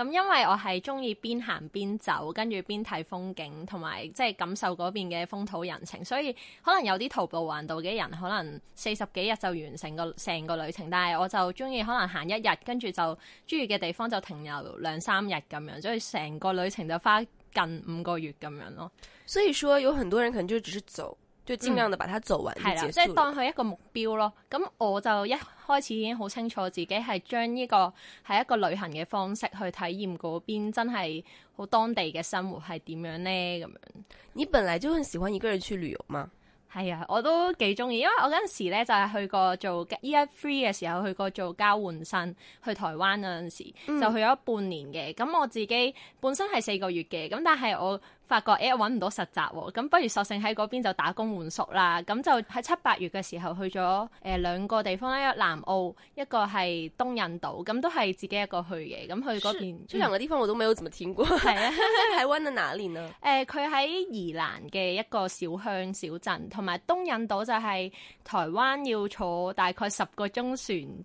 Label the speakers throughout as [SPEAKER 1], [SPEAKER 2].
[SPEAKER 1] 咁因為我係鍾意邊行邊走，跟住邊睇風景，同埋即係感受嗰邊嘅風土人情，所以可能有啲徒步環島嘅人可能四十幾日就完成個成個旅程，但係我就鍾意可能行一日，跟住就鍾意嘅地方就停留兩三日咁樣，所以成個旅程就花近五個月咁樣咯。所以說，有很多人可能就只是走。就盡量地把它做完。係啦、嗯，即係、就是、當佢一個目標咯。咁我就一開始已經好清楚自己係將呢個係一個旅行嘅方式去體驗嗰邊，真係好當地嘅生活係點樣咧。咁樣，你
[SPEAKER 2] 本嚟就很喜歡一個人去旅遊嘛。
[SPEAKER 1] 係啊，我都幾中意，因為我嗰陣時咧就係去過做依家 free 嘅時候去過做交換生去台灣嗰陣時，嗯、就去咗半年嘅。咁我自己本身係四個月嘅，咁但係我。發覺誒揾唔到實習喎、哦，咁不如索性喺嗰邊就打工換宿啦。咁就喺七八月嘅時候去咗誒、呃、兩個地方咧，一南澳一個係東印度，咁都係自己一個去嘅。咁去嗰邊出洋嘅地方我都冇點聽過。係啊， 喺 v a n 啊。誒，佢喺宜蘭嘅一個小鄉小鎮，同埋東印度就係台灣要坐大概十個鐘船，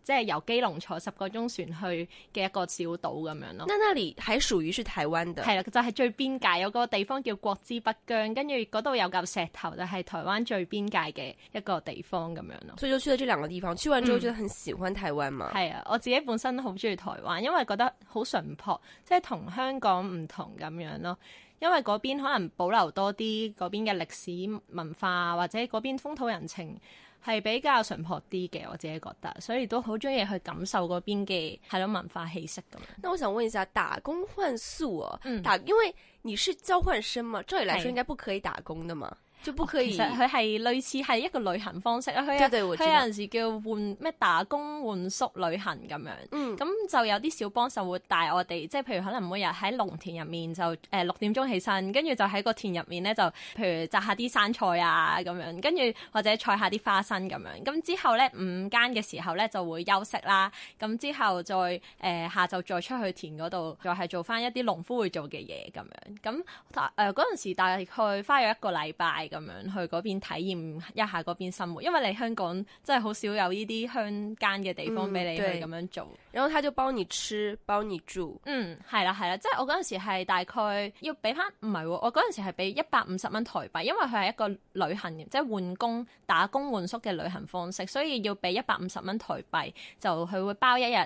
[SPEAKER 1] 即係由基隆坐十個鐘船去嘅一個小島咁樣咯。v a n a t u 喺屬於説台灣嘅，係啦，就係、是、最邊界有個地方。叫國之北疆，跟住嗰度有嚿石頭，就係、是、台灣最邊界嘅一個地方咁樣咯。所以就去咗這兩個地方，
[SPEAKER 2] 去完之後覺得很喜歡台
[SPEAKER 1] 灣嘛。係、嗯、啊，我自己本身都好中意台灣，因為覺得好淳樸，即係同香港唔同咁樣咯。因為嗰邊可能保留多啲嗰邊嘅歷史文化，或者嗰邊風土人情係比較淳樸啲嘅，我自己覺得，所以都好中意去感受嗰邊嘅係咯文化氣息咁樣。那我想問一
[SPEAKER 2] 下，打工換宿啊？嗯、打因為。你是交換生嗎？照理來說應該不可以打工的嘛。哎
[SPEAKER 1] 其實佢係類似係一個旅行方式啦，佢 Okay. 有陣 時叫換咩打工換宿旅行咁樣，咁、嗯、就有啲小幫手會帶我哋，即係譬如可能每日喺農田入面就誒六點鐘起身，跟住就喺個田入面咧就譬如摘下啲生菜啊咁樣，跟住或者採下啲花生咁樣，咁之後咧午間嘅時候咧就會休息啦，咁之後再誒、呃、下晝再出去田嗰度，再係做翻一啲農夫會做嘅嘢咁樣，咁誒嗰陣時大概花咗一個禮拜。咁樣去嗰邊體驗一下嗰邊生活，因為你香港真係好少有呢啲鄉間嘅地方俾你去咁樣做。咁我睇到幫你食，幫你住。嗯，係啦，係啦，即係我嗰陣時係大概要俾翻，唔係，我嗰陣時係俾一百五十蚊台幣，因為佢係一個旅行嘅，即係換工、打工換宿嘅旅行方式，所以要俾一百五十蚊台幣，就佢會包一日。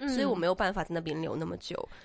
[SPEAKER 2] 嗯、所以我冇有辦法喺嗰邊留咁耐。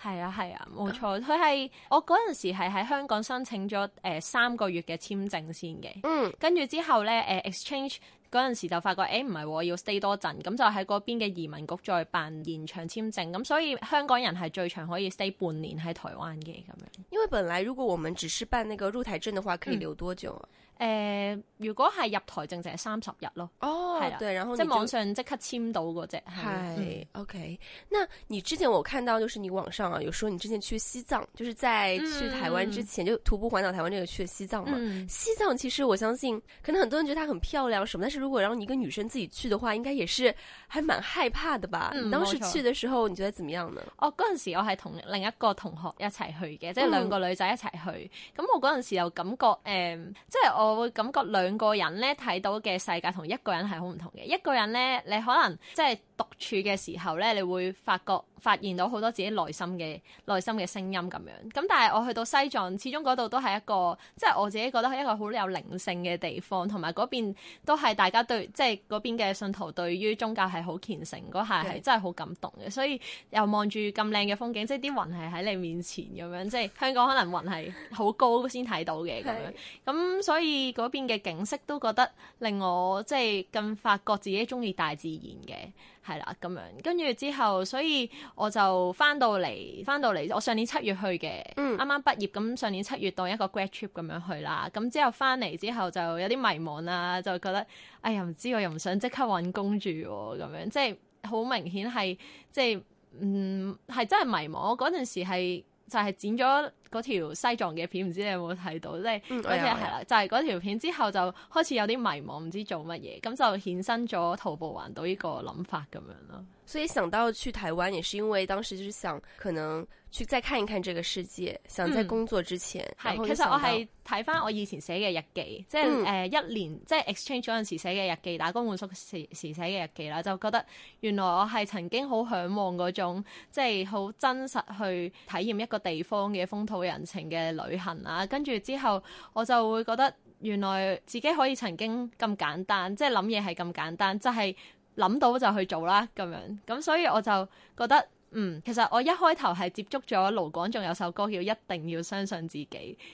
[SPEAKER 1] 係啊，係啊，冇錯。佢係、嗯、我嗰陣時係喺香港申請咗誒、呃、三個月嘅簽證先嘅。嗯。跟住之後咧誒、呃、exchange 嗰陣時就發覺誒唔係喎，欸、我要 stay 多陣，咁就喺嗰邊嘅移民局再辦延長簽證。咁所以香港人係最長可以 stay 半年喺台灣嘅咁樣。
[SPEAKER 2] 因為本來，如果我們只是辦那個入台證的話，可以留多久啊？嗯
[SPEAKER 1] 誒，如
[SPEAKER 2] 果係入台證淨
[SPEAKER 1] 係三十日咯。哦，係啦，然後即係網上即刻簽到嗰隻。係，OK。那你之前
[SPEAKER 2] 我看到，就是你網上啊，有說你之前去西藏，就是在去台灣之前就徒步環島台灣，之後去西藏嘛。西藏其實我相信，可能很多人覺得它很漂亮，什麼，但是如果讓你一個
[SPEAKER 1] 女生自己去的話，應該也是還蠻害怕的吧？你當時去的時候，你覺得點樣呢？哦，嗰陣時我係同另一個同學一齊去嘅，即係兩個女仔一齊去。咁我嗰陣時又感覺誒，即係我。我會感覺兩個人咧睇到嘅世界同一個人係好唔同嘅，一個人咧你可能即係。獨處嘅時候咧，你會發覺發現到好多自己內心嘅內心嘅聲音咁樣。咁但係我去到西藏，始終嗰度都係一個，即係我自己覺得係一個好有靈性嘅地方，同埋嗰邊都係大家對，即係嗰邊嘅信徒對於宗教係好虔誠，嗰下係真係好感動嘅。的所以又望住咁靚嘅風景，即係啲雲係喺你面前咁樣，即係香港可能雲係好高先睇到嘅咁樣，咁的所以嗰邊嘅景色都覺得令我即係更發覺自己中意大自然嘅。係啦，咁樣跟住之後，所以我就翻到嚟，翻到嚟，我上年七月去嘅，啱啱、嗯、畢業，咁上年七月當一個 grad trip 咁樣去啦，咁之後翻嚟之後就有啲迷茫啦，就覺得哎呀唔知，我又唔想刻、啊、即刻揾工住，咁樣即係好明顯係，即係嗯係真係迷茫，嗰陣時係就係、是、剪咗。嗰條西藏嘅片，唔知你有冇睇到？即係好似係啦，就係、是、嗰條片之後就開始有啲迷茫，唔知做乜嘢，咁就衍生咗徒步環島呢個諗法咁樣咯。所以想到去台灣，也是因為當
[SPEAKER 2] 時就是想可能去再看一看這個世界，嗯、想在工作之前。係、嗯，其實我係
[SPEAKER 1] 睇翻我以前寫嘅日記，即係誒一年，即、就、係、是、exchange 嗰陣時寫嘅日記，打工換宿時時寫嘅日記啦，就覺得原來我係曾經好嚮往嗰種，即係好真實去體驗一個地方嘅風土。人情嘅旅行啦，跟住之後，我就會覺得原來自己可以曾經咁簡單，即係諗嘢係咁簡單，就係諗到就去做啦咁樣，咁所以我就覺得，嗯，其實我一開頭，係接觸咗盧廣仲有首歌叫《一定要相信自己》，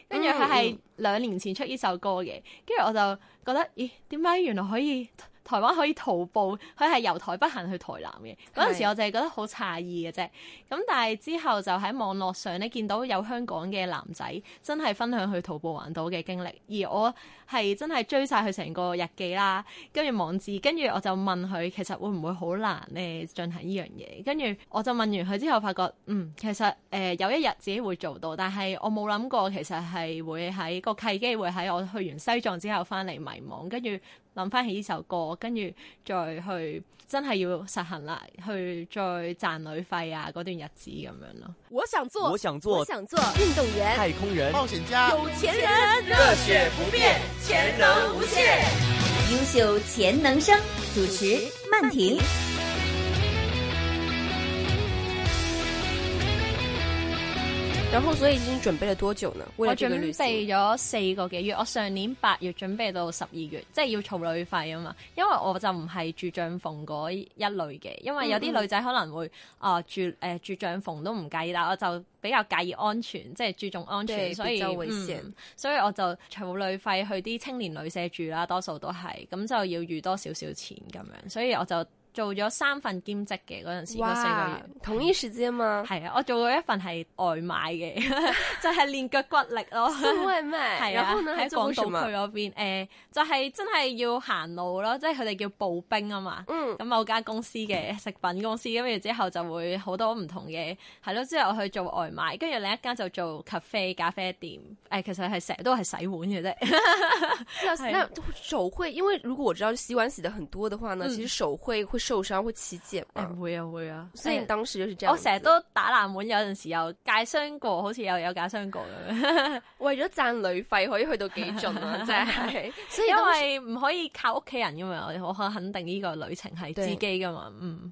[SPEAKER 1] 跟住佢係兩年前出呢首歌嘅，跟住我就覺得，咦，點解原來可以？台灣可以徒步，佢係由台北行去台南嘅。嗰陣是時我就係覺得好詫異嘅啫。咁但係之後就喺網絡上咧見到有香港嘅男仔真係分享去徒步環島嘅經歷，而我係真係追晒佢成個日記啦，跟住網誌，跟住我就問佢其實會唔會好難咧進行呢樣嘢？跟住我就問完佢之後，發覺，嗯，其實誒，有一日自己會做到，但係我冇諗過其實係會喺個契機會喺我去完西藏之後翻嚟迷茫。跟住。諗翻起呢首歌，跟住再去真係要實行啦，去再賺旅費啊！嗰段日子咁樣咯。我想做，我想做，我想做運動員、太空人、冒險家、有錢人，熱血不變，潛能無限，
[SPEAKER 2] 優秀潛能生主持曼婷。
[SPEAKER 1] 咁所以已經準備了多久呢？我準備咗四個幾月，我上年八月準備到十二月，即係要儲旅費啊嘛。因為我就唔係住帳篷嗰一類嘅，因為有啲女仔可能會啊、呃、住誒、呃、住帳篷都唔介意，但係我就比較介意安全，即係注重安全，對所以就會、嗯、所以我就儲旅費去啲青年旅社住啦，多數都係咁，就要預多少少錢咁樣，所以我就。做咗三份兼職嘅嗰陣時，嗰四個月同一雪之啊嘛，係啊，我做過一份係外賣嘅， 就係練腳骨力咯。係咩 賣？係啊 對，喺廣東區嗰邊，誒、呃，就係、是、真係要行路咯，即係佢哋叫步兵啊嘛。咁、嗯、某間公司嘅食品公司，咁然後之後就會好多唔同嘅，係咯。之後我去做外賣，跟住另一間就做咖啡咖啡店。誒，其實係成日都係洗碗嘅啫。
[SPEAKER 2] 咧 對。 那手會，因為如果我知道洗碗洗得很多嘅話呢，其實手會會。做上會刺激，唔會啊會啊，雖然當時
[SPEAKER 1] 好似、欸、我成日都打爛門，有陣時又戒傷過，好似又有戒傷過咁。 為咗賺旅費，可以去到幾盡啊？真係，所以因為唔可以靠屋企人，因為我我肯定呢個旅程係自己噶嘛。對嗯。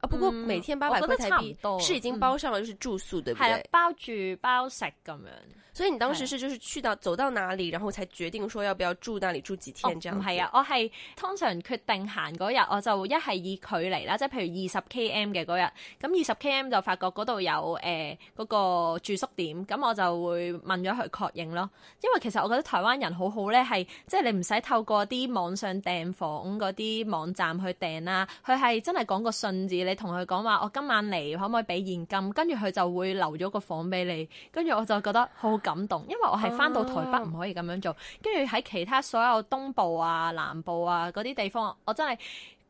[SPEAKER 2] 啊，不過每天八百蚊差唔多，是已經包上
[SPEAKER 1] 了，又是住宿，嗯、對不對？係啦，包住包食咁樣。
[SPEAKER 2] 所以你當時是就是去到對走到哪裡，
[SPEAKER 1] 然後才決定說要不要住那裡住幾天，知唔知啊？唔係、哦、啊，我係通常決定行嗰日，我就一係以距離啦，即係譬如二十 km 嘅嗰日，咁二十 km 就發覺嗰度有誒嗰、呃那個住宿點，咁我就會問咗佢確認咯。因為其實我覺得台灣人好好咧，係即係你唔使透過啲網上訂房嗰啲網站去訂啦、啊，佢係真係講個信字。你同佢講話，我今晚嚟可唔可以俾現金？跟住佢就會留咗個房俾你。跟住我就覺得好感動，因為我係返到台北唔、啊、可以咁樣做。跟住喺其他所有東部啊、南部啊嗰啲地方，我真係～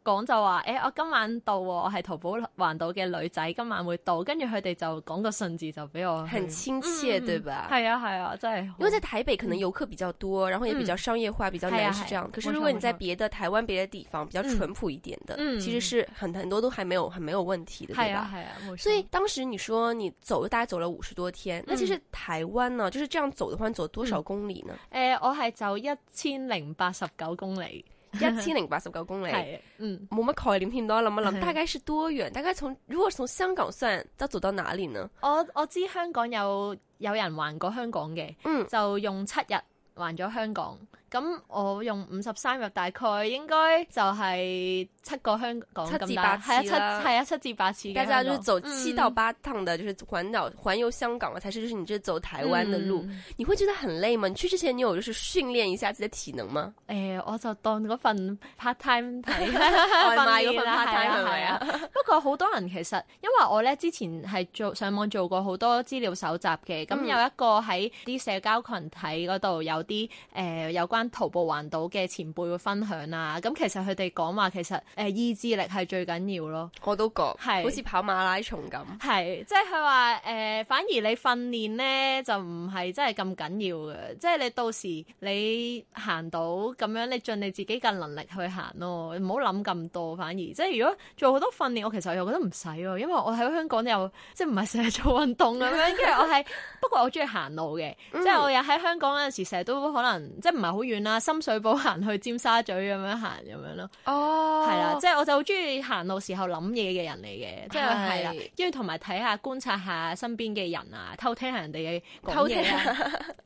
[SPEAKER 1] 講就話，誒，我今晚到喎，我係淘寶環島嘅女仔，今晚會到。跟住佢哋就講個順字就俾我很親切啊，對吧？係啊，係啊，真係。因為在台北可能遊客比
[SPEAKER 2] 較多，然後也比較商業化，比較難是這樣。可是如果你在別的台灣別的地方，比較淳樸一點的，其實是很很多都還沒有，還沒有問題的，對啊，係啊。所以當時你說你走，大概走了五十多天，那其實台灣呢，就是這樣走的話，你走多少公里呢？
[SPEAKER 1] 誒，我係走一千零八十九公里。一千零八十九公里，
[SPEAKER 2] 嗯，冇乜概念添，我諗一諗，大概是多遠？的大概從如果從香港算，就走到哪裏呢？
[SPEAKER 1] 我我知香港有有人環過香港嘅，嗯，就用七日環咗香港。咁我用五十三日，大概應該就係七個香港咁啦，係啊七係啊七至八次嘅。咁就走七到八
[SPEAKER 2] 趟嘅，就是環島環遊香港啊，才是就是你即係走台灣嘅路。你會覺得很累嗎？你去之前你有
[SPEAKER 1] 就是訓練一下自己體能嗎？誒，我就當嗰份 part time 外賣嗰份 part time 係啊。不過好多人其實因為我咧之前係做上網做過好多資料搜集嘅，咁有一個喺啲社交群體嗰度有啲誒有關。徒步環島嘅前輩會分享啦，咁其實佢哋講話其實誒、呃、意志力係最緊要咯，我都覺係，是好似跑馬拉松咁，係，即係佢話誒反而你訓練咧就唔係真係咁緊要嘅，即、就、係、是、你到時你行到咁樣，你盡你自己嘅能力去行咯，唔好諗咁多，反而即係、就是、如果做好多訓練，我其實又覺得唔使咯，因為我喺香港又即係唔係成日做運動咁樣，因為 我係不過我中意行路嘅，即係、嗯、我又喺香港嗰陣時成日都可能即係唔係好。就是遠啦，深水埗行去尖沙咀咁樣行，咁樣咯。哦，係啦，即係我就好中意行路時候諗嘢嘅人嚟嘅，即係係啦，跟住同埋睇下觀察下身邊嘅人啊，偷聽下人哋講嘢啦。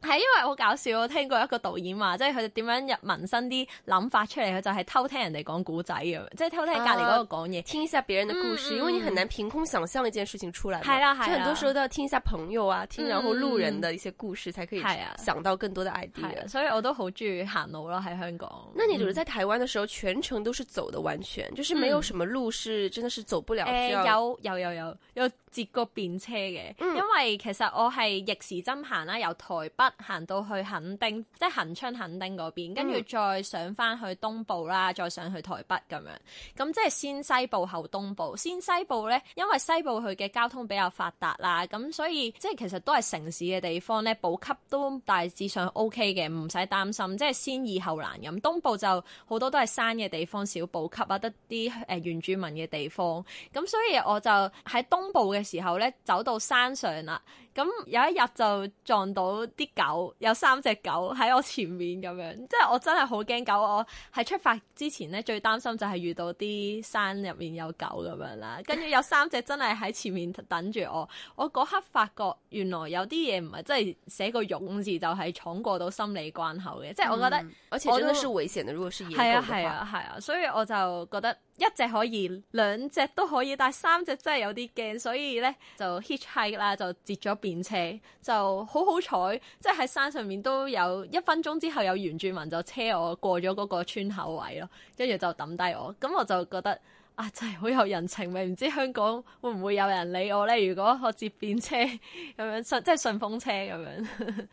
[SPEAKER 1] 係，因為好搞笑，我聽過一個導演話，即係佢點樣入民生啲諗法出嚟，佢就係偷聽人哋講古仔嘅，即係偷聽隔籬嗰個講嘢，聽一下別人嘅故事，因為你很難憑空想象一件事情出嚟。係啦係啦，即係好多時候
[SPEAKER 2] 都要聽一下朋友啊，聽下路人嘅一些故事，才可以想到更多的 idea。
[SPEAKER 1] 所以我都好中意。去行路咯喺香港，那你就是在
[SPEAKER 2] 台灣的時候，嗯，全程都是走的，完全就是沒有什麼路是真的是走不了。嗯要呃、有
[SPEAKER 1] 有有有有截過便車嘅，嗯，因為其實我係逆時針行啦，由台北行到去墾丁，即係恆春墾丁嗰邊，嗯，跟住再上翻去東部啦，再上去台北咁樣，咁即係先西部後東部。先西部咧，因為西部佢嘅交通比較發達啦，咁所以即係其實都係城市嘅地方咧，補給都大致上 OK 嘅，唔使擔心。即係先易後難咁，東部就好多都係山嘅地方，小補給啊，得啲誒原住民嘅地方。咁所以我就喺東部嘅時候咧，走到山上啦。咁有一日就撞到啲狗，有三隻狗喺我前面咁樣，即係我真係好驚狗。我喺出發之前咧，最擔心就係遇到啲山入面有狗咁樣啦。跟住有三隻真係喺前面等住我。我嗰刻發覺原來有啲嘢唔係，真係寫個勇字就係闖過到心理關口嘅。嗯、即係我覺得而且真係
[SPEAKER 2] 危險，我始終會寫，如果係啊係啊
[SPEAKER 1] 係啊，啊，啊，啊，所以我就覺得。一隻可以，兩隻都可以，但係三隻真係有啲驚，所以咧就 hitchhike 啦，就截咗便車，就好好彩，即係喺山上面都有一分鐘之後有原住民就車我過咗嗰個村口位咯，跟住就揼低我，咁我就覺得啊真係好有人情味，唔知香港會唔會有人理我呢？如果我截便車咁樣，即係順風車咁樣。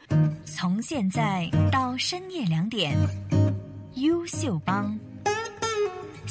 [SPEAKER 2] 從現在到深夜兩點，優秀幫。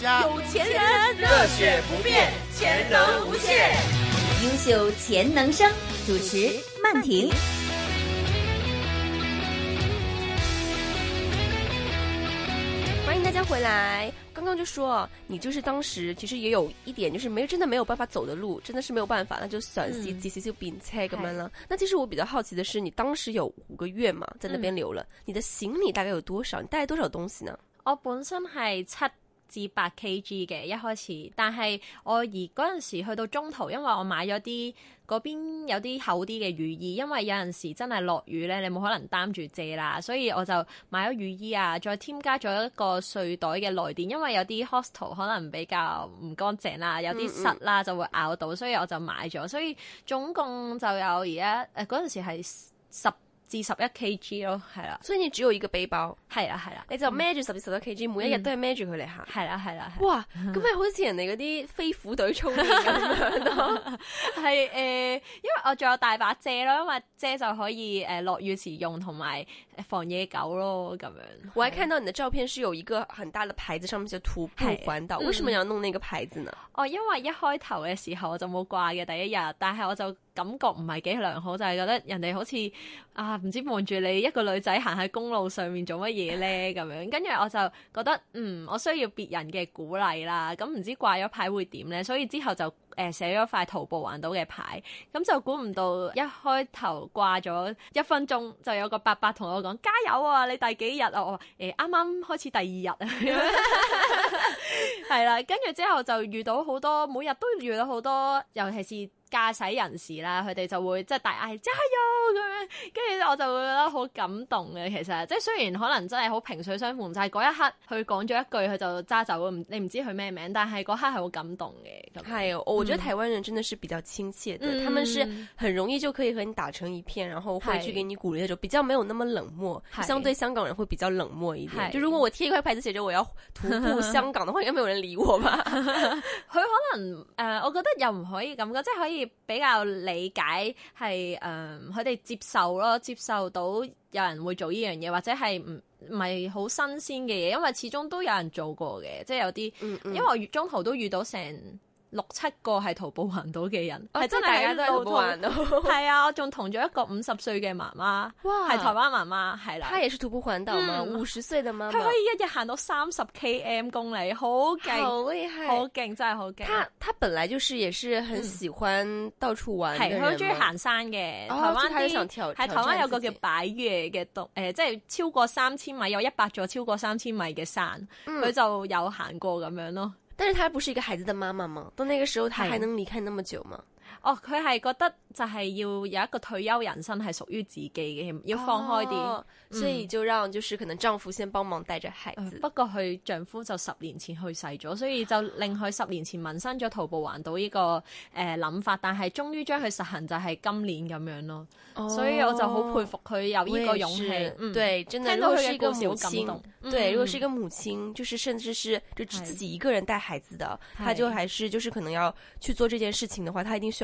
[SPEAKER 2] 有錢人熱血不變，潛能無限，優秀潛能生主持曼婷，停歡迎大家回來。剛剛就說你就是當時其實也有一點就是沒真的沒有辦法走的路，真的是沒有辦法，那就選擇繼續就變 take m 那其實我比較好奇的是，你當時有五個月嘛，在那邊留了，嗯、你的行李大概有多少？你帶多少東西呢？
[SPEAKER 1] 我本身係七。嗯至八 kg 嘅一開始，但係我而嗰陣時去到中途，因為我買咗啲嗰邊有啲厚啲嘅雨衣，因為有陣時真係落雨咧，你冇可能擔住遮啦，所以我就買咗雨衣啊，再添加咗一個睡袋嘅內墊，因為有啲 hostel 可能比較唔乾淨啦，有啲濕啦就會咬到，嗯嗯，所以我就買咗，所以總共就有而家誒嗰陣時係十。四十一 kg 咯，係啦，所以你主要要個背包，係啦係啦，啦你就孭住十至十一 kg，每一日都係孭住佢嚟行，係啦係啦，啦啦哇，咁咪 好似人哋嗰啲飛虎隊操練咁樣咯，係誒、 呃，因為我仲有大把遮咯，因為遮就可以誒落、呃、雨時用，同埋。放野狗咯咁樣。我
[SPEAKER 2] 還看到你的照片，是有一個很大的牌子，上面就徒步環島。的為什麼要弄呢個牌子呢，嗯？
[SPEAKER 1] 哦，因為一開頭嘅時候我就冇掛嘅第一日，但係我就感覺唔係幾良好，就係、是、覺得人哋好似啊唔知望住你一個女仔行喺公路上面做乜嘢咧咁樣。跟住我就覺得嗯，我需要別人嘅鼓勵啦。咁唔知掛咗牌會點咧？所以之後就。誒寫咗塊徒步環島嘅牌，咁就估唔到一開頭掛咗一分鐘，就有個伯伯同我講：加油啊！你第幾日啊？我誒啱啱開始第二日啊，係 啦。 跟住之後就遇到好多，每日都遇到好多，尤其是，駕駛人士啦，佢哋就會即係大嗌加油咁樣，跟住我就會覺得好感動嘅。其實即係雖然可能真係好萍水相逢，就係嗰一刻佢講咗一句佢就揸走，你唔知佢咩名，但係嗰刻係好感動嘅。係、那
[SPEAKER 2] 個欸哦，我覺得台灣人真的是比較親切的，嗯、他們是很容易就可以和你打成一片，然後會去給你鼓勵嘅，就比較沒有那麼冷漠，是相對香港人會比較冷漠一點。就如果我貼一塊牌子寫著我要徒步香港的話，可能應該冇人理我吧？
[SPEAKER 1] 佢 可能誒、呃，我覺得又唔可以咁講，即、就、係、是、可以。比較理解係誒佢哋接受咯，接受到有人會做呢樣嘢，或者係唔唔係好新鮮嘅嘢，因為始終都有人做過嘅，即係有啲，嗯嗯因為我中途都遇到成。六七個係徒步環島嘅人，係真係大家都係徒步環島。係啊，我仲同咗一個五十歲嘅媽媽，係台灣媽媽，係啦。佢係徒步環島嘛？五十歲的媽媽，佢可以一日行到三十 km 公里，好勁，好好勁，真係好勁。他
[SPEAKER 2] 他本來就是也是很喜歡到處
[SPEAKER 1] 玩，係佢中意行山嘅。台灣啲係台灣有個叫百岳嘅島，誒，即係超過三千米，有一百座超過三千米嘅山，佢就有行過咁樣咯。但是她不是一個孩子的媽媽嗎？到那個時候，她還能離開那麼久嗎？嗯哦，佢係覺得就係要有一個退休人生係屬於自己嘅，要放開啲，所以就讓就是可能丈夫先幫忙帶着孩子。不過佢丈夫就十年前去世咗，所以就令佢十年前萌生咗徒步環島呢個誒諗法，但係終於將佢實行就係今年咁樣咯。所以我就好佩服佢有呢個勇氣，對，真係聽到一個感動。對，如果是一
[SPEAKER 2] 個母親，就是甚至是就自己一個人帶孩子的，他就還是就是可能要去做這件事情嘅話，他一定需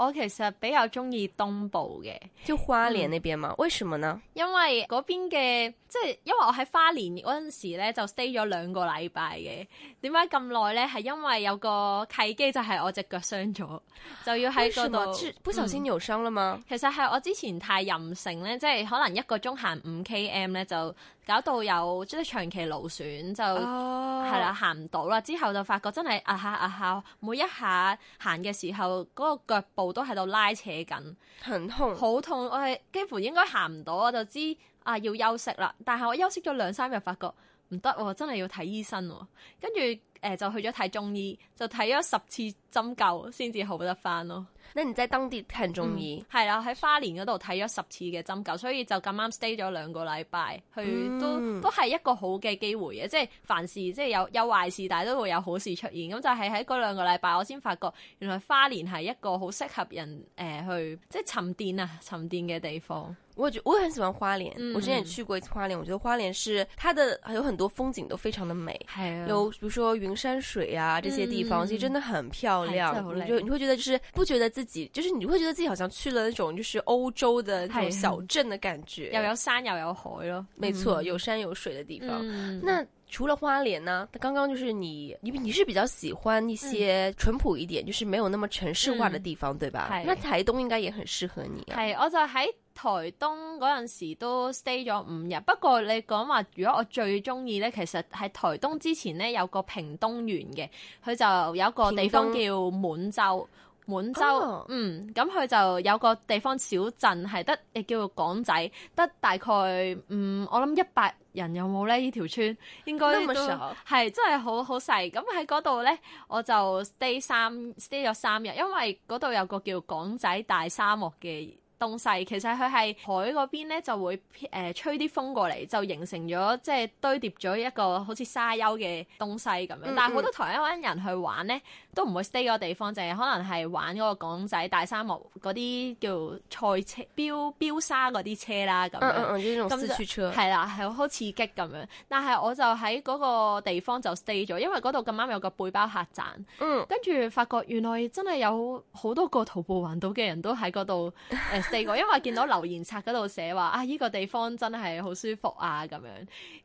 [SPEAKER 2] 我其實比較中意東部嘅，就花蓮呢邊嘛。嗯、為什麼呢？
[SPEAKER 1] 因為嗰邊嘅即係，因為我喺花蓮嗰陣時咧就 stay 咗兩個禮拜嘅。點解咁耐咧？係因為有個契機，就係我隻腳傷咗，就要喺度。嗯、不首先療傷啦嘛。其實係我之前太任性咧，即係可能一個鐘行五 km 咧，就搞到有即係、就係、長期勞損，就係、oh. 啦行唔到啦。之後就發覺真係啊下啊下、啊，每一下行嘅時候嗰、嗰個腳步。都喺度拉扯緊，好痛，好痛！我係幾乎應該行唔到，我就知啊，要休息啦。但係我休息咗兩三日，發覺唔得，真係要睇醫生。跟住誒就去咗睇中醫，就睇咗十次針灸先至好得翻咯。你唔知登啲人中意，係啦、嗯，喺、啊、花蓮嗰度睇咗十次嘅針灸，所以就咁啱 stay 咗兩個禮拜，去都、嗯、都係一個好嘅機會嘅，即係凡事即係有有壞事，但係都會有好事出現，咁就係喺嗰兩個禮拜，我先發覺原來花蓮係一個好適合人誒、呃、去即係沉澱啊，沉澱嘅地方。
[SPEAKER 2] 我覺我很喜歡花蓮，嗯、我之前也去過一次花蓮，我覺得花蓮是它的有很多風景都非常的美，係、啊、有，比如說雲山水啊，這些地方、嗯、其實真的很漂亮。你就你會覺得就是不覺得，自己就是你會覺得自己好像去了那種就是歐洲的那種小鎮的感覺，嗯、又有
[SPEAKER 1] 山又有海咯，嗯、沒錯，有
[SPEAKER 2] 山有水的地方。嗯、那除了花蓮呢、啊？剛剛就是你你你是比較喜歡一些淳樸一點，嗯、就是沒有那麼城市化的地方，嗯、對吧？是那台東應該也很適合你、啊。係，
[SPEAKER 1] 我就喺台東嗰陣時都 stay 咗五日。不過你講話，如果我最中意呢，其實喺台東之前呢，有個屏東縣嘅，佢就有一個地方叫滿洲。滿洲、oh. 嗯，咁佢就有個地方小鎮，係得誒叫做港仔，得大概嗯，我諗一百人有冇呢呢條村 That 應該都係，I'm not sure. 真係好好細。咁喺嗰度呢，我就 stay 三 stay 咗三日，因為嗰度有個叫港仔大沙漠嘅。東西其實佢係海嗰邊咧，就會誒吹啲風過嚟，就形成咗即係堆疊咗一個好似沙丘嘅東西咁樣。但係好多台灣人去玩咧，都唔會 stay 個地方，就係可能係玩嗰個港仔大沙漠嗰啲，叫賽車飆飆沙嗰啲車啦咁樣。嗯 嗯，呢種刺激係啦，係好刺激咁樣。但係我就喺嗰個地方就 stay 咗，因為嗰度咁啱有個背包客棧。嗯。跟住發覺原來真係有好多個徒步環島嘅人都喺嗰度誒。 地過， 因為見到留言冊嗰度寫話啊，依個地方真係好舒服啊咁樣。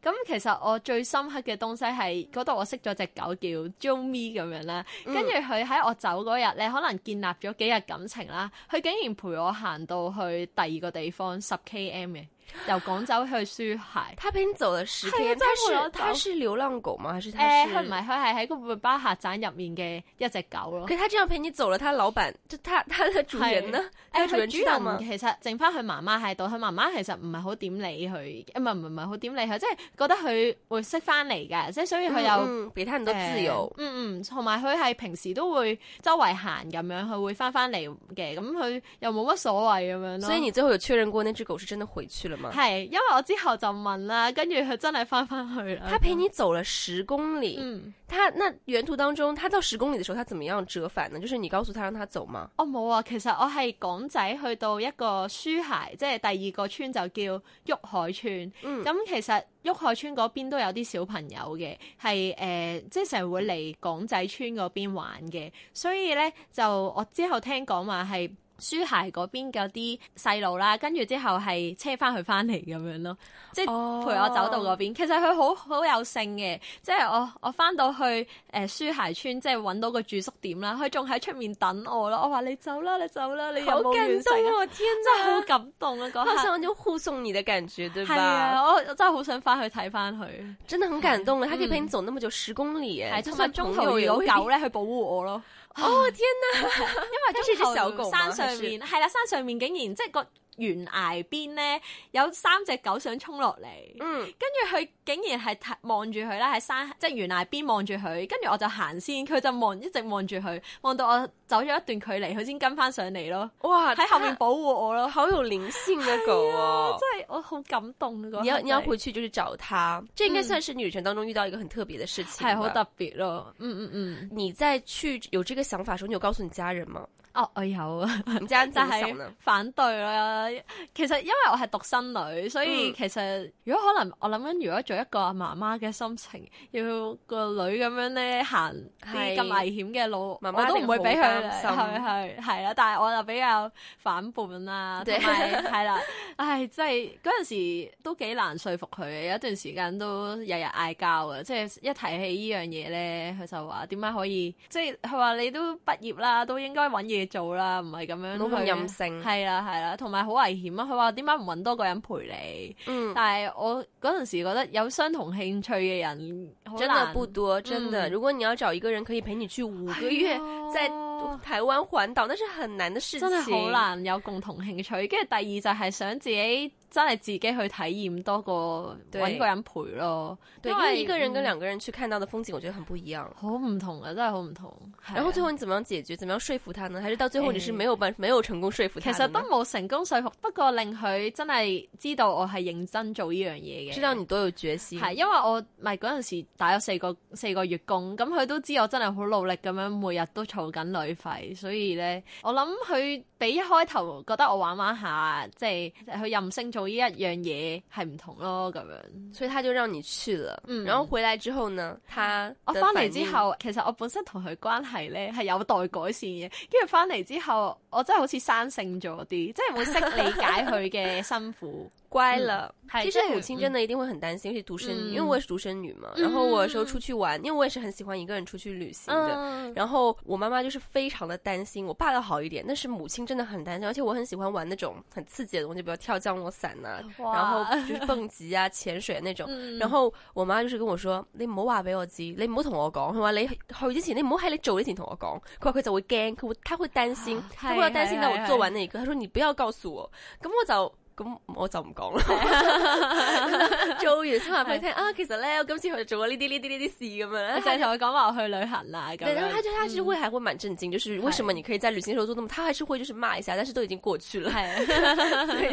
[SPEAKER 1] 咁其實我最深刻嘅東西係嗰度，我識咗隻狗叫 Joey 咁樣啦。跟住佢喺我走嗰日咧，可能建立咗幾日感情啦。佢竟然陪我行到去第二個地方十 km 嘅。由廣州去珠海，他陪你走咗十天。他是他是
[SPEAKER 2] 流浪狗嘛？誒，係咪
[SPEAKER 1] 佢係喺個背包客棧入面嘅一隻狗咯？佢他真係陪你做咗。他老闆即他他的主人呢？誒，欸，主人，欸，主人其實剩翻佢媽媽喺度，佢媽媽其實唔係好點理佢，唔係唔係唔係好點理佢，即係覺得佢會識翻嚟嘅，即係所以佢有俾佢好多自由。嗯，欸，嗯，同埋佢係平時都會周圍行咁樣，佢會翻翻嚟嘅，咁佢又冇乜所謂咁樣咯。所以你最後
[SPEAKER 2] 有確認過呢隻狗是真的回去了係，
[SPEAKER 1] 因為我之後就問啦，跟住佢真係翻翻去啦。他
[SPEAKER 2] 陪你走了十公里，嗯，
[SPEAKER 1] 他那沿途當中，他
[SPEAKER 2] 到十公里嘅時候，他怎麼樣折返呢？就是你告訴他讓他走嗎？
[SPEAKER 1] 哦，冇啊、哦，其實我係港仔去到一個書鞋，即係第二個村就叫郁海村，嗯，咁、嗯、其實郁海村嗰邊都有啲小朋友嘅，係誒、呃，即係成日會嚟港仔村嗰邊玩嘅，所以咧就我之後聽講話係。書鞋嗰邊嗰啲細路啦，跟住之後係車翻去翻嚟咁樣咯，即係陪我走到嗰邊。哦、其實佢好好有性嘅，即係我我翻到去誒、呃、書鞋村，即係搵到個住宿點啦，佢仲喺出面等我咯。我話你走啦，你走啦，你有冇完、啊、我
[SPEAKER 2] 天真係好感動啊！嗰我刻，好想有護送你的感覺，對吧？我真係好想翻去睇翻佢，真係好感動啊！佢可以陪你走那麼久十公里嘅、啊，同埋、嗯、中途有狗咧
[SPEAKER 1] 去保護我咯。 哦天啊， 因為都喺山上面，係啦， 山上面竟然即係個。就是懸崖邊咧，有三隻狗想衝落嚟，跟住，佢竟然係望住佢啦，喺山即係懸崖邊望住佢，跟住我就行先，佢就望一直望住佢，望到我走咗一段距離，佢先跟翻上嚟咯。哇！喺後面保護我
[SPEAKER 2] 咯，口、啊、有領先一個、啊，真係
[SPEAKER 1] 我好感動。你要你要回
[SPEAKER 2] 去就是找他，即、嗯、這應該算是旅程當中遇到一個很特別嘅事情，係好、嗯、特別咯。嗯嗯嗯，你在去有這個想法時候，你有告訴你家人嗎？哦，我有，咁樣就係
[SPEAKER 1] 反對啦。其實因為我係獨生女，所以其實如果可能，我諗緊，如果做一個媽媽嘅心情，要個女咁樣咧行啲咁危險嘅路，媽媽媽媽 都唔會俾佢係去係啦。但係我就比較反叛啦，同埋係啦。唉，真係嗰陣時都幾難說服佢，有一段時間都日日嗌交啊。即係一提起呢樣嘢咧，佢就話點解可以？即係佢話你都畢業啦，都應該揾嘢。做啦，唔係咁樣冇咁任性，係啦係啦，同埋好危險啊！佢話點解唔揾多個人陪你？嗯，但係我嗰陣時覺得有相同興趣嘅人真的不多，真的。嗯、如
[SPEAKER 2] 果你要找一個人可以陪你
[SPEAKER 1] 去五個月在、哎、呀台灣環島，那是很難的事情。真係好難有共同興趣。跟住第二就係想自己。真係自己去體驗多過揾一個人陪咯，對是因為一個人跟兩個人去看到的風景，嗯、我覺得很不一樣，好唔同啊，真係好唔同。對然後最後你怎麼樣解決，怎樣說服他呢？還是到最後你是沒有辦，對沒有成功說服？其實都冇成功說服，不過令佢真係知道我係認真做呢樣嘢嘅。知道你多有決心，係因為我咪嗰陣時打咗四個四個月工，咁佢都知我真係好努力咁樣，每日都儲緊旅費，所以咧，我諗佢。你一開頭覺得我玩玩下，即係去任性做呢一樣嘢，係唔同咯咁樣，所以他就讓你去啦。嗯、然後回來之後呢，嗯、他我翻嚟之後，其實我本身同佢關係咧係有待改善嘅，跟住翻嚟之後我真係好似生性咗啲，即係會識理解佢嘅辛苦。 乖了、嗯，其實母親真的一定會很擔
[SPEAKER 2] 心，尤其獨生女，因為我也是獨生女嘛。嗯、然後我有時候出去玩、嗯，因為我也是很喜歡一個人出去旅行的。嗯、然後我媽媽就是非常的擔心，我爸要好一點，但是母親真的很擔心。而且我很喜歡玩那種很刺激的東西，比如跳降落傘呐、啊，然後就是蹦極啊、嗯、潛水啊那種、嗯。然後我媽就是跟我說：“ 你唔話俾我知，你唔同我講。”他話你好，之前，你唔好喺你做之前同我講。佢話佢就會驚，佢 他會擔心， 他會要擔心到 我做完那一刻。 他說：“你不要告訴我。”咁我走。咁 我就唔講啦。做完先話俾佢聽啊，其實呢，我今次去做咗呢啲呢啲呢啲事咁樣。淨係同佢講話去旅行啦。對，然後佢就，他就會還會蠻震驚，嗯、就是為什麼你可以在旅行時候做那麼，他還是會就是罵一下，但是都已經過去
[SPEAKER 1] 了。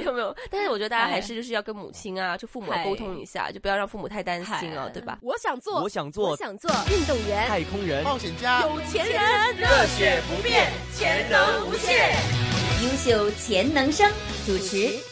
[SPEAKER 1] 有
[SPEAKER 2] 有。但是我覺得大家還是就是要跟母親啊，就父母溝通一下，就不要讓父母太擔心咯， 對吧？我想
[SPEAKER 1] 做，我想做，我想做運動員、太空人、冒險家、有錢人，熱血不變，潛能無限，
[SPEAKER 2] 優秀潛能生主持。主持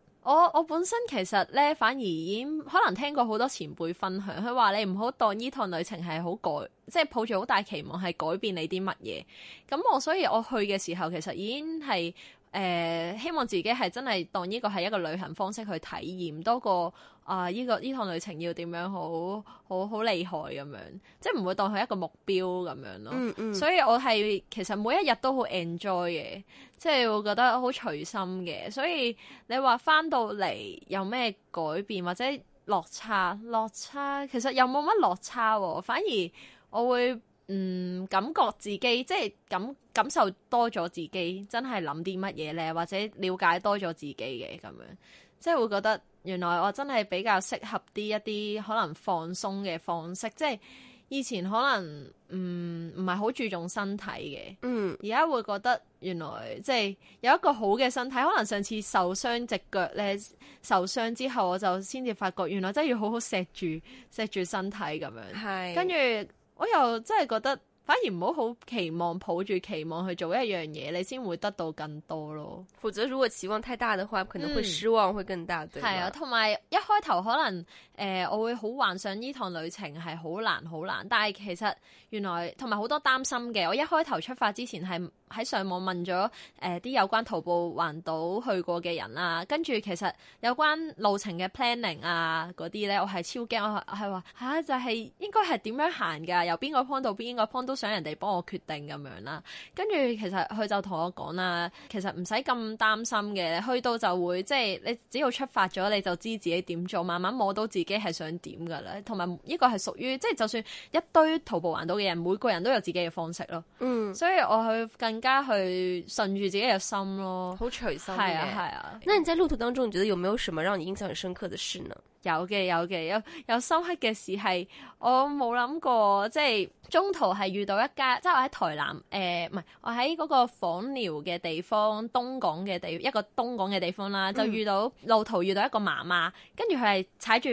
[SPEAKER 1] 我我本身其實咧，反而已經可能聽過好多前輩分享，佢話你唔好當呢趟旅程係好改，即係抱住好大期望係改變你啲乜嘢。咁我所以我去嘅時候，其實已經係誒、呃、希望自己係真係當呢個係一個旅行方式去體驗多過。啊！呢、呢個呢趟旅程要點樣，好好好厲害咁樣，即係唔會當佢一個目標咁樣咯。嗯嗯、所以我係其實每一日都好 enjoy 嘅，即係會覺得好隨心嘅。所以你話翻到嚟有咩改變或者落差？落差其實又冇乜落差，啊，反而我會嗯感覺自己即係感感受多咗自己，真係諗啲乜嘢咧，或者了解多咗自己嘅咁樣，即係會覺得。原來我真係比較適合啲一啲可能放鬆嘅方式，即係以前可能唔唔係好注重身體嘅，嗯，而家會覺得原來即係有一個好嘅身體，可能上次受傷隻腳咧受傷之後，我就先至發覺原來真係要好好錫住錫住身體咁樣，係，跟住我又真係覺得。反而唔好好期望，抱住期望去做一樣嘢，你先會得到更多咯。否則如果期望太大的話，可能會失望會更大啲。係、嗯、對啊，同埋一開頭可能誒、呃，我會好幻想呢趟旅程係好難好難，但係其實原來同埋好多擔心嘅。我一開頭出發之前係。喺上網問咗誒啲有關徒步環島去過嘅人啦，跟住其實有關路程嘅 planning 啊嗰啲咧，我係超驚，我係話嚇就係、是、應該係點樣行噶？由邊個 point 到邊個 point 都想人哋幫我決定咁樣啦。跟住其實佢就同我講啦，其實唔使咁擔心嘅，去到就會即係你只要出發咗你就知自己點做，慢慢摸到自己係想點噶啦。同埋呢個係屬於即係就算一堆徒步環島嘅人，每個人都有自己嘅方式咯。嗯，所以我去更。而家去順住自己嘅心咯，好隨心，係啊，係啊。啊
[SPEAKER 2] 那你在路途當中，你覺得有沒有什麼讓你印象很深刻的事呢？有嘅，有嘅，
[SPEAKER 1] 有有深刻嘅事係我冇諗過，即係中途係遇到一家，即係我喺台南誒，唔、呃、係我喺嗰個枋寮嘅地方，東港嘅地一個東港嘅地方啦，嗯、就遇到路途遇到一個媽媽，跟住佢係踩住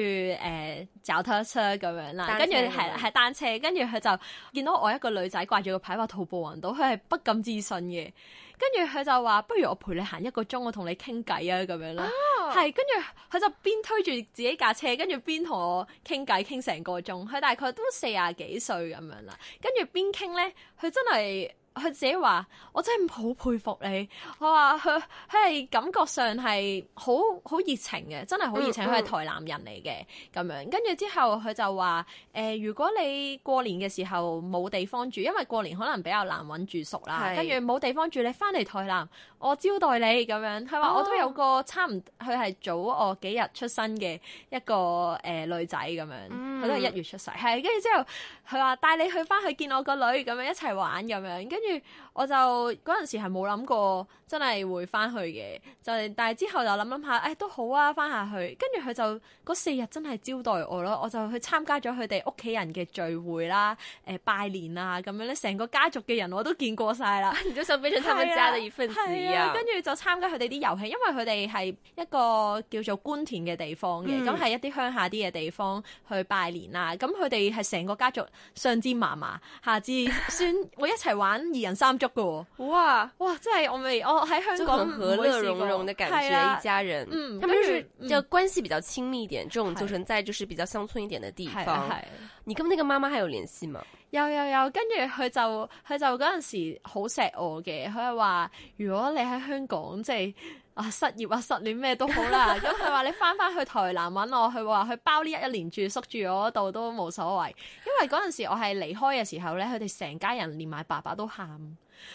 [SPEAKER 1] 找拖車咁樣啦，跟住係係單車，跟住佢就見到我一個女仔掛住個牌話徒步環島，佢係不敢自信嘅，跟住佢就話不如我陪你行一個鐘，我同你傾偈啊咁樣啦、啊。係，跟住佢就邊推住自己架車，邊跟住邊同我傾偈傾成個鐘。佢大概都四十幾歲咁樣啦，跟住邊傾呢？佢真係～佢自己話我真係好佩服你。我話佢，佢係感覺上係好好熱情嘅，真係好熱情。佢係、嗯嗯、台南人嚟嘅咁樣，跟住之後佢就話誒、呃、如果你過年嘅時候冇地方住，因為過年可能比較難揾住宿啦。跟住冇地方住，你翻嚟台南，我招待你咁樣，佢話我都有個差唔，佢係早我幾日出生嘅一個誒、呃、女仔咁樣，佢都係一月出世，係，跟住之後佢話帶你去翻去見我個女咁樣一齊玩咁樣。跟住。跟住我就嗰陣時係冇諗過真係會翻去嘅，就係但係之後就諗諗下，誒都好啊，翻下去。跟住佢就嗰四日真係招待我咯，我就去參加咗佢哋屋企人嘅聚會啦，誒、呃、拜年啊咁樣咧，成個家族嘅人我都見過晒啦，然之後俾咗差唔多二啊，跟住、啊、就參加佢哋啲遊戲，因為佢哋係一個叫做官田嘅地方嘅，咁係、嗯、一啲鄉下啲嘅地方去拜年啦。咁佢哋係成個家族上至嫲嫲下至孫會一齊玩。 二人三足嘅、哦，哇哇，真係我未，我喺香港，就很和樂融融的感覺，嗯、一家
[SPEAKER 2] 人，嗯，跟住、嗯、就關係比較親密一點，嗯、就存在就是
[SPEAKER 1] 比較鄉村一點嘅地方。對對對，你跟呢個媽媽還有聯繫嗎？有有有，跟住佢就佢就嗰陣時好錫我嘅，佢係話如果你喺香港即係。啊！失業啊！失戀咩都好啦。咁佢話：你翻翻去台南揾我。佢話：佢包呢一一年住宿住我度都冇所謂。因為嗰陣時我係離開嘅時候呢，佢哋成家人連埋爸爸都喊。啊！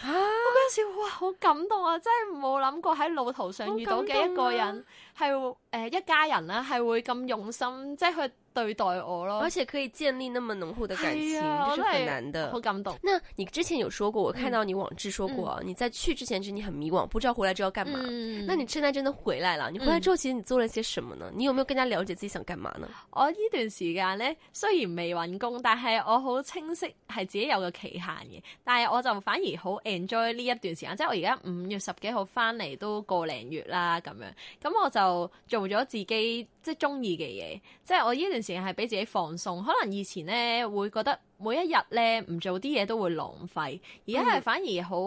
[SPEAKER 1] 嗰陣時哇，好感動啊！真係冇諗過喺路途上遇到嘅一個人係誒、啊呃、一家人啦，係會咁用心，即係佢。對待我咯，而且可以建立那麼濃厚的感情，這是，啊、就是很難的。好感動。那
[SPEAKER 2] 你之前有說過，我看到你網誌說過，啊，嗯、你在去之前時你很迷惘，不知道回來之後幹嗎？嗯，那你現在真的回來了？你回來之後，
[SPEAKER 1] 其實你做了些
[SPEAKER 2] 什麼呢？嗯、你有沒有更加了解自己想幹嗎呢？
[SPEAKER 1] 我呢段時間呢，雖然未搵工，但係我好清晰係自己有個期限嘅。但係我就反而好 enjoy 呢一段時間，即係我而家五月十幾號翻嚟都個零月啦咁樣。咁我就做咗自己，即係中意嘅嘢，即係我呢段時間係俾自己放鬆。可能以前咧會覺得每一日咧唔做啲嘢都會浪費，而家係反而好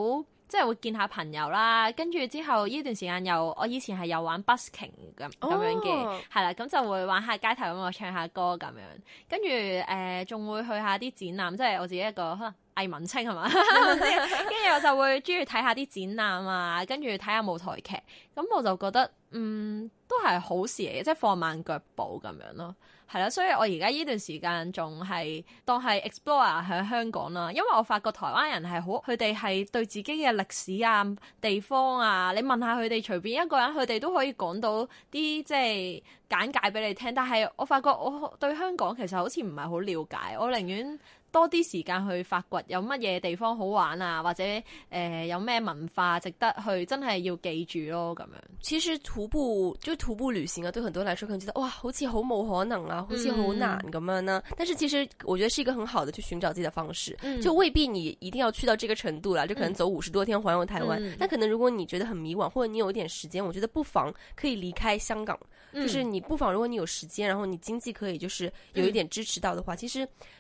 [SPEAKER 1] 即係會見下朋友啦。跟住之後呢段時間又我以前係又玩 busking 咁咁、哦、樣嘅，係啦，咁就會玩下街頭咁，我唱下歌咁樣。跟住誒仲會去下啲展覽，即係我自己一個可能。藝文青係嘛？跟住 我就會中意睇下啲展覽啊，跟住睇下舞台劇。咁我就覺得，嗯，都係好事嚟嘅，即係放慢腳步咁樣咯。係啦，所以我而家呢段時間仲係當係 explore 喺香港啦。因為我發覺台灣人係好，佢哋係對自己嘅歷史啊、地方啊，你問下佢哋，隨便一個人，佢哋都可以講到啲即係簡介俾你聽。但係我發覺我對香港其實好似唔係好了解，我寧願。多啲時間去發掘有乜嘢地方好玩啊，或者誒、呃、有咩文化值得去，真係要記住咯咁樣。其實徒步就徒步旅行啊，對很多人來說可能覺得哇好似好冇可能啊，好似好難
[SPEAKER 2] 咁樣呢。嗯、但是其實我覺得是一個很好的去尋找自己的方式，嗯、就未必你一定要去到這個程度啦，就可能走五十多天環遊台灣。嗯、但可能如果你覺得很迷惘，或者你有一點時間，我覺得不妨可以離開香港，嗯、就是你不妨如果你有時間，然後你經濟可以就是有一點支持到的話，其實。